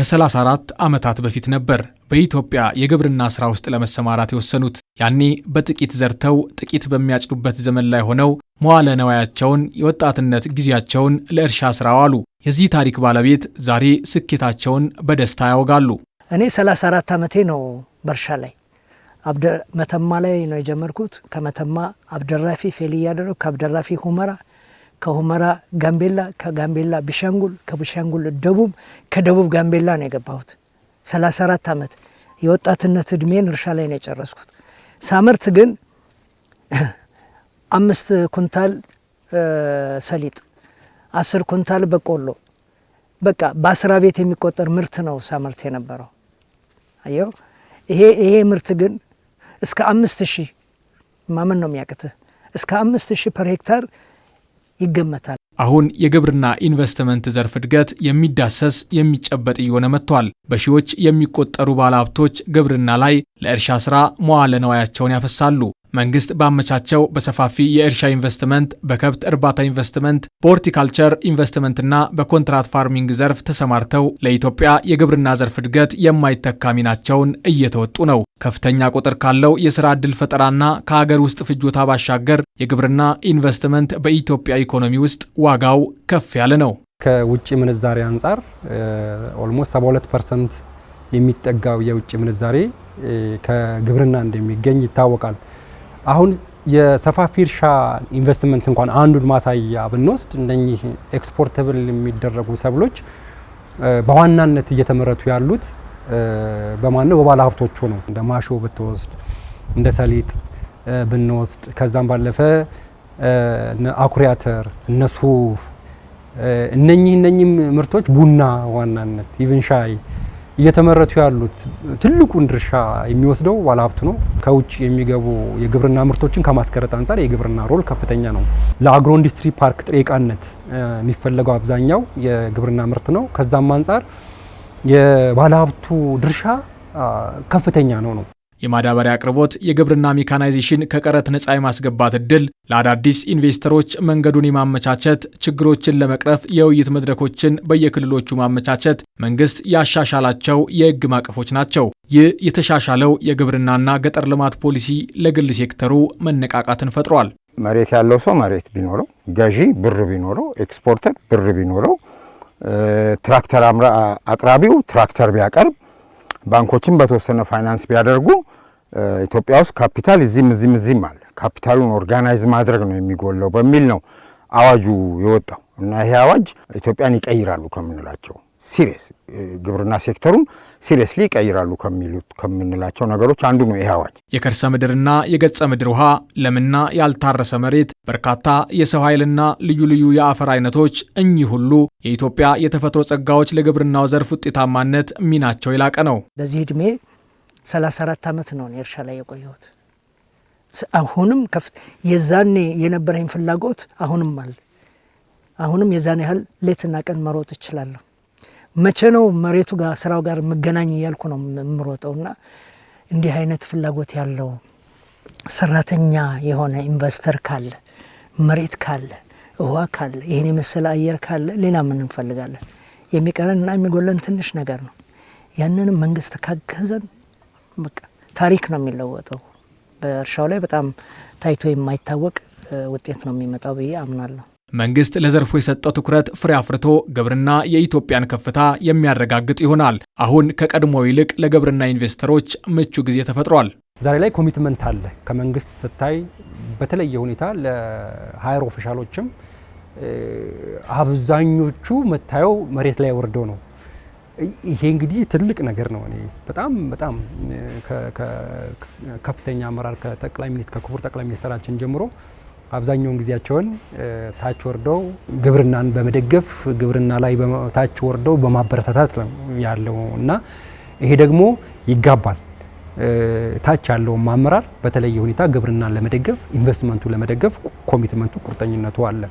ከ34 ዓመታት በፊት ነበር በኢትዮጵያ የግብርና ሥራ ውስጥ ለመሰማራት የወሰኑት። ያኔ በጥቂት ዘርተው ጥቂት በሚያጭዱበት ዘመን ላይ ሆነው መዋለ ነዋያቸውን የወጣትነት ጊዜያቸውን ለእርሻ ሥራ ዋሉ። የዚህ ታሪክ ባለቤት ዛሬ ስኬታቸውን በደስታ ያወጋሉ። እኔ 34 ዓመቴ ነው በእርሻ ላይ መተማ ላይ ነው የጀመርኩት። ከመተማ አብደራፊ ፌል እያደረጉ ከአብደራፊ ሁመራ ከሁመራ ጋምቤላ፣ ከጋምቤላ ቢሻንጉል፣ ከብሻንጉል ደቡብ፣ ከደቡብ ጋምቤላ ነው የገባሁት። 34 ዓመት የወጣትነት እድሜን እርሻ ላይ ነው የጨረስኩት። ሳምርት ግን አምስት ኩንታል ሰሊጥ፣ አስር ኩንታል በቆሎ በቃ በአስራ ቤት የሚቆጠር ምርት ነው ሳምርት የነበረው። አየው ይሄ ይሄ ምርት ግን እስከ አምስት ሺህ ማመን ነው የሚያቅትህ እስከ አምስት ሺህ ፐር ሄክታር ይገመታል። አሁን የግብርና ኢንቨስትመንት ዘርፍ እድገት የሚዳሰስ የሚጨበጥ እየሆነ መጥቷል። በሺዎች የሚቆጠሩ ባለሀብቶች ግብርና ላይ ለእርሻ ስራ መዋለ ነዋያቸውን ያፈሳሉ። መንግስት ባመቻቸው በሰፋፊ የእርሻ ኢንቨስትመንት፣ በከብት እርባታ ኢንቨስትመንት፣ በሆርቲካልቸር ኢንቨስትመንትና በኮንትራት ፋርሚንግ ዘርፍ ተሰማርተው ለኢትዮጵያ የግብርና ዘርፍ እድገት የማይተካ ሚናቸውን እየተወጡ ነው። ከፍተኛ ቁጥር ካለው የሥራ ዕድል ፈጠራና ከሀገር ውስጥ ፍጆታ ባሻገር የግብርና ኢንቨስትመንት በኢትዮጵያ ኢኮኖሚ ውስጥ ዋጋው ከፍ ያለ ነው። ከውጭ ምንዛሬ አንጻር ኦልሞስት 72 ፐርሰንት የሚጠጋው የውጭ ምንዛሬ ከግብርና እንደሚገኝ ይታወቃል። አሁን የሰፋፊ እርሻ ኢንቨስትመንት እንኳን አንዱን ማሳያ ብንወስድ እነኚህ ኤክስፖርተብል የሚደረጉ ሰብሎች በዋናነት እየተመረቱ ያሉት በማን ነው? በባለ ሀብቶቹ ነው። እንደ ማሾ ብትወስድ፣ እንደ ሰሊጥ ብንወስድ፣ ከዛም ባለፈ አኩሪ አተር፣ እነ ሱፍ እነኚህ እነኚህም ምርቶች ቡና ዋናነት ኢቭን ሻይ እየተመረቱ ያሉት ትልቁን ድርሻ የሚወስደው ባለሀብቱ ነው። ከውጭ የሚገቡ የግብርና ምርቶችን ከማስቀረጥ አንጻር የግብርና ሮል ከፍተኛ ነው። ለአግሮ ኢንዱስትሪ ፓርክ ጥሬ የሚፈለገው አብዛኛው የግብርና ምርት ነው። ከዛም አንጻር የባለሀብቱ ድርሻ ከፍተኛ ነው ነው የማዳበሪያ አቅርቦት፣ የግብርና ሜካናይዜሽን ከቀረጥ ነጻ የማስገባት እድል፣ ለአዳዲስ ኢንቨስተሮች መንገዱን የማመቻቸት፣ ችግሮችን ለመቅረፍ የውይይት መድረኮችን በየክልሎቹ ማመቻቸት መንግስት ያሻሻላቸው የህግ ማቀፎች ናቸው። ይህ የተሻሻለው የግብርናና ገጠር ልማት ፖሊሲ ለግል ሴክተሩ መነቃቃትን ፈጥሯል። መሬት ያለው ሰው መሬት ቢኖረው፣ ገዢ ብር ቢኖረው፣ ኤክስፖርተር ብር ቢኖረው፣ ትራክተር አቅራቢው ትራክተር ቢያቀርብ ባንኮችን በተወሰነ ፋይናንስ ቢያደርጉ ኢትዮጵያ ውስጥ ካፒታል እዚህም እዚህም እዚህም አለ። ካፒታሉን ኦርጋናይዝ ማድረግ ነው የሚጎለው በሚል ነው አዋጁ የወጣው እና ይሄ አዋጅ ኢትዮጵያን ይቀይራሉ ከምንላቸው ሲሪየስ ግብርና ሴክተሩን ሲሪየስሊ ይቀይራሉ ከሚሉት ከምንላቸው ነገሮች አንዱ ነው ይህ አዋጅ። የከርሰ ምድርና የገጸ ምድር ውሃ፣ ለምና ያልታረሰ መሬት፣ በርካታ የሰው ኃይልና ልዩ ልዩ የአፈር አይነቶች፣ እኚህ ሁሉ የኢትዮጵያ የተፈጥሮ ጸጋዎች ለግብርናው ዘርፍ ውጤታማነት ሚናቸው የላቀ ነው። በዚህ ዕድሜ 34 ዓመት ነው እርሻ ላይ የቆየሁት። አሁንም የዛኔ የነበረኝ ፍላጎት አሁንም አለ። አሁንም የዛን ያህል ሌትና ቀን መሮጥ እችላለሁ። መቼ ነው መሬቱ ጋር ስራው ጋር መገናኝ እያልኩ ነው የምሮጠው። እና እንዲህ አይነት ፍላጎት ያለው ሰራተኛ የሆነ ኢንቨስተር ካለ መሬት ካለ ውሃ ካለ ይህን የመሰለ አየር ካለ ሌላ ምን እንፈልጋለን? የሚቀረን እና የሚጎለን ትንሽ ነገር ነው። ያንንም መንግስት ካገዘን በቃ ታሪክ ነው የሚለወጠው። በእርሻው ላይ በጣም ታይቶ የማይታወቅ ውጤት ነው የሚመጣው ብዬ አምናለሁ። መንግስት ለዘርፉ የሰጠው ትኩረት ፍሬ አፍርቶ ግብርና የኢትዮጵያን ከፍታ የሚያረጋግጥ ይሆናል። አሁን ከቀድሞ ይልቅ ለግብርና ኢንቨስተሮች ምቹ ጊዜ ተፈጥሯል። ዛሬ ላይ ኮሚትመንት አለ ከመንግስት ስታይ በተለየ ሁኔታ ለሀየር ኦፊሻሎችም አብዛኞቹ መታየው መሬት ላይ ወርደው ነው። ይሄ እንግዲህ ትልቅ ነገር ነው። እኔ በጣም በጣም ከፍተኛ አመራር ከጠቅላይ ሚኒስትር ከክቡር ጠቅላይ ሚኒስትራችን ጀምሮ አብዛኛውን ጊዜያቸውን ታች ወርደው ግብርናን በመደገፍ ግብርና ላይ ታች ወርደው በማበረታታት ነው ያለው እና ይሄ ደግሞ ይጋባል። ታች ያለውን ማመራር በተለየ ሁኔታ ግብርናን ለመደገፍ ኢንቨስትመንቱ ለመደገፍ ኮሚትመንቱ ቁርጠኝነቱ አለ።